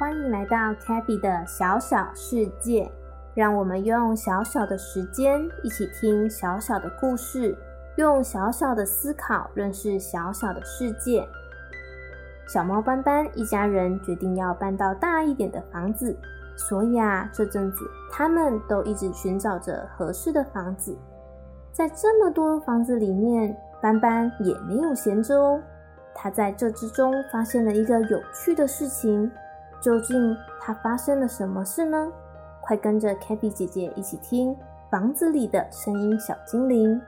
歡迎來到 CaFi 的小小世界。讓我們用小小的時間一起聽小小的故事，用小小的思考認識小小的世界。小貓斑斑一家人決定要搬到大一點的房子，所以啊，這陣子他們都一直尋找着合適的房子。在這麼多房子裡面，斑斑也沒有閒着哦。他在這之中發現了一個有趣的事情。究竟他發生了什麼事呢？快跟着 CaFi 姐姐一起聽房子裡的聲音，小精靈。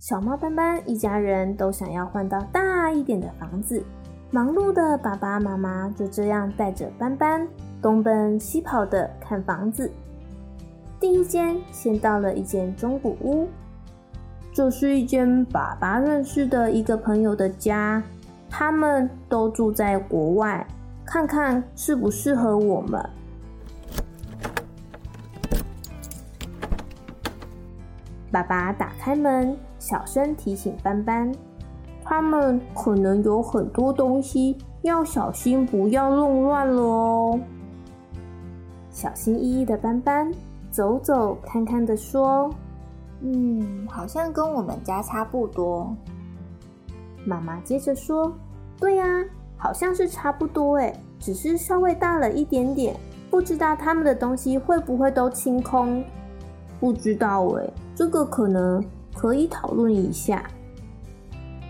小貓斑斑一家人都想要換到大一點的房子，忙碌的爸爸媽媽就這樣帶着斑斑東奔西跑的看房子。第一間先到了一間中古屋。這是一間爸爸認識的一個朋友的家，他們都住在國外，看看適不適合我們。爸爸打開門，小聲提醒斑斑，他們可能有很多東西，要小心，不要弄亂了哦。小心翼翼的斑斑，走走看看的說。嗯，好像跟我們家差不多。媽媽接着說：“對呀，好像是差不多哎，只是稍微大了一點點。不知道他們的東西會不會都清空？不知道哎，這個可能可以討論一下。”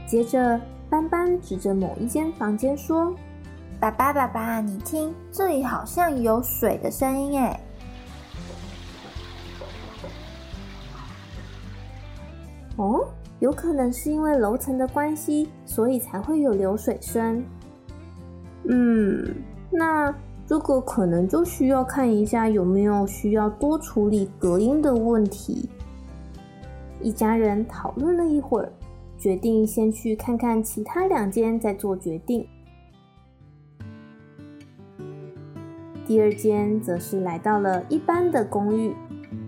接着，斑斑指着某一間房間說：“爸爸，爸爸，你聽，這裡好像有水的聲音哎。”哦，有可能是因為樓層的關係，所以才會有流水聲。嗯，那這個可能，就需要看一下有沒有需要多處理隔音的問題。一家人討論了一會兒，決定先去看看其他兩間，再做決定。第二間則是來到了一般的公寓，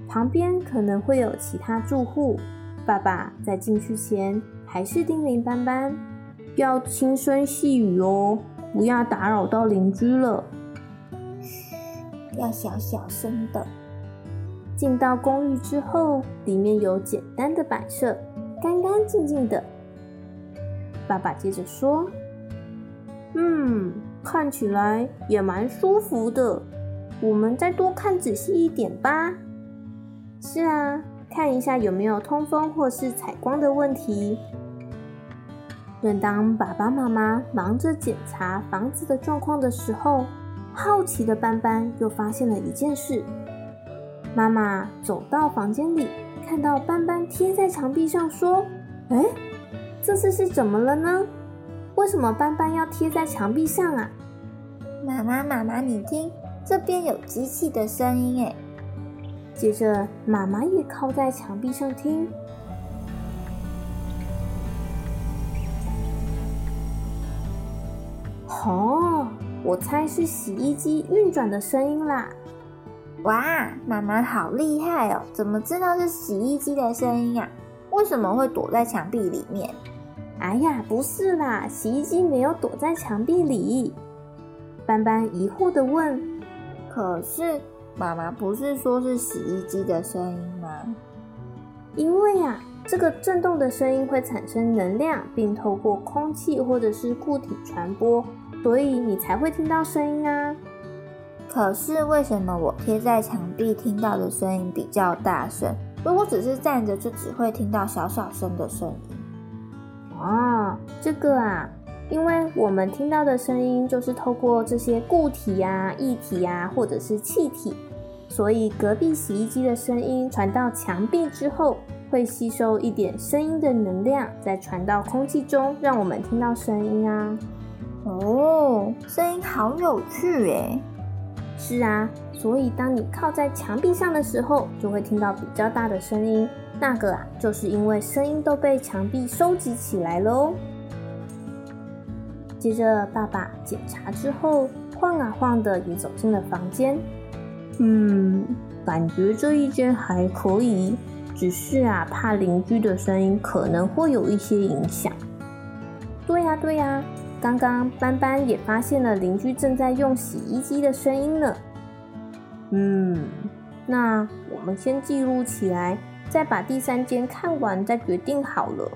旁邊可能會有其他住戶。爸爸在進去前還是叮嚀斑斑，要輕聲細語哦，不要打擾到鄰居了。要小小聲的。進到公寓之後，裡面有簡單的擺設，乾乾淨淨的。爸爸接着說：“嗯，看起來也蠻舒服的。我們再多看仔細一點吧。”是啊。看一下有沒有通風或是採光的問題。正當爸爸媽媽忙着檢查房子的狀況的時候，好奇的斑斑又發現了一件事。媽媽走到房間裡，看到斑斑貼在牆壁上，說：“哎、欸，這次是怎麼了呢？為什麼斑斑要貼在牆壁上啊？”媽媽，媽媽，你聽，這邊有機器的聲音，哎。接着，媽媽也靠在牆壁上聽。哦，我猜是洗衣機運轉的聲音啦。哇，媽媽好厲害哦！怎麼知道是洗衣機的聲音啊？為什麼會躲在牆壁裡面？哎呀，不是啦，洗衣機沒有躲在牆壁裡。斑斑疑惑的問：“可是……”媽媽不是說是洗衣機的聲音嗎？因為呀、啊，這個震動的聲音會產生能量，並透過空氣或者是固體傳播，所以你才會聽到聲音啊。可是為什麼我貼在牆壁聽到的聲音比較大聲？如果只是站着，就只會聽到小小聲的聲音。啊、哦，這個啊。因為我們聽到的聲音就是透過這些固體呀、啊、液體呀、啊，或者是氣體，所以隔壁洗衣機的聲音傳到牆壁之後，會吸收一點聲音的能量，再傳到空氣中，讓我們聽到聲音啊。哦，聲音好有趣誒！是啊，所以當你靠在牆壁上的時候，就會聽到比較大的聲音。那個啊，就是因為聲音都被牆壁收集起來嘍、哦。接着，爸爸檢查之後，晃啊晃的也走進了房間。嗯，感覺這一間還可以，只是啊，怕鄰居的聲音可能會有一些影響。對呀對呀，剛剛斑斑也發現了鄰居正在用洗衣機的聲音呢。嗯，那我們先記錄起來，再把第三間看完再決定好了。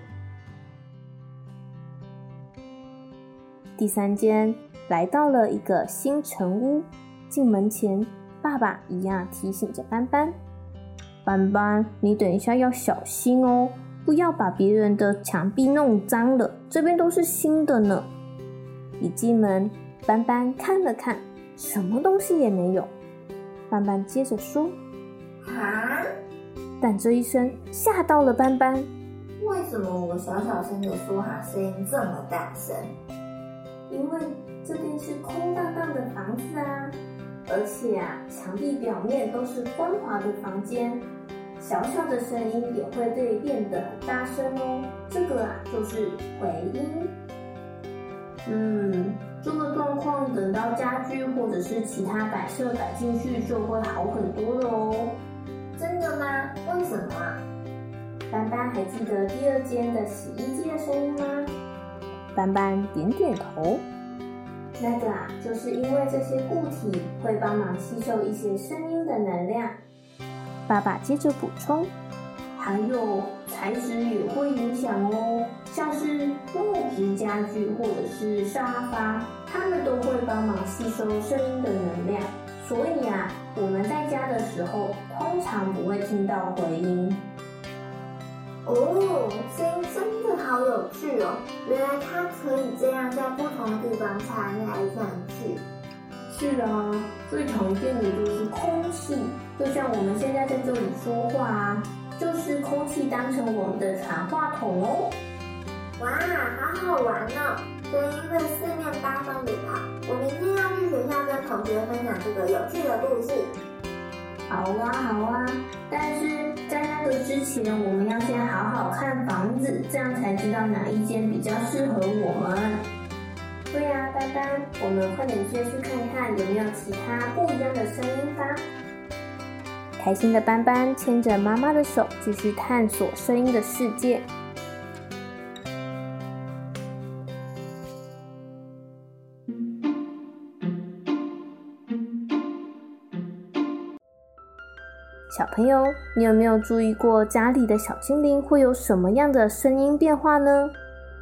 第三間來到了一個新城屋，進門前，爸爸一樣提醒着斑斑：“斑斑，你等一下要小心哦，不要把別人的牆壁弄髒了，這邊都是新的呢。”一進門，斑斑看了看，什麼東西也沒有。斑斑接着說：“哈！”但這一聲嚇到了斑斑：“為什麼我小小聲的說哈，聲音這麼大聲？”因為這邊是空蕩蕩的房子啊，而且啊，牆壁表面都是光滑的，房間小，小的聲音也會對變得大聲哦。這個啊，就是回音。嗯，這個狀況等到家具或者是其他擺設擺進去，就會好很多了哦。真的嗎？為什麼？斑斑還記得第二間的洗衣機的聲音嗎？斑斑點點頭。那個啊，就是因為這些固體會幫忙吸收一些聲音的能量。爸爸接着補充，還有材質也會影響哦，像是木質家具或者是沙发，它們都會幫忙吸收聲音的能量。所以啊，我們在家的時候通常不會聽到回音。哦，先生。有趣哦，原來它可以這樣在不同的地方傳來傳去。是啊，最常見的就是空氣，就像我們現在在這裡說話啊，就是空氣當成我們的傳話筒哦。哇，好好玩呢，聲音會四面八方的跑。我明天要去學校跟同學分享這個有趣的故事。好哇，好哇，但是。在那個之前，我們要先好好看房子，這樣才知道哪一間比較適合我們。對呀、啊，斑斑，我們快點先去看看有沒有其他不一樣的聲音吧。開心的斑斑牽着媽媽的手，繼續探索聲音的世界。小朋友，你有沒有注意過家裡的小精靈會有什麼樣的聲音變化呢？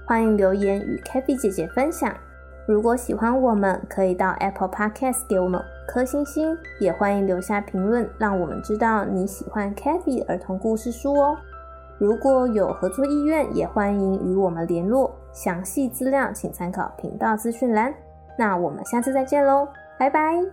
歡迎留言與 CaFi 姐姐分享。如果喜歡我們，可以到 Apple Podcast 給我們五顆星星。也歡迎留下評論，讓我們知道你喜歡 CaFi 兒童故事書哦。如果有合作意願，也歡迎與我們聯絡。詳細資料請參考頻道資訊欄。那我們下次再見嘍，拜拜。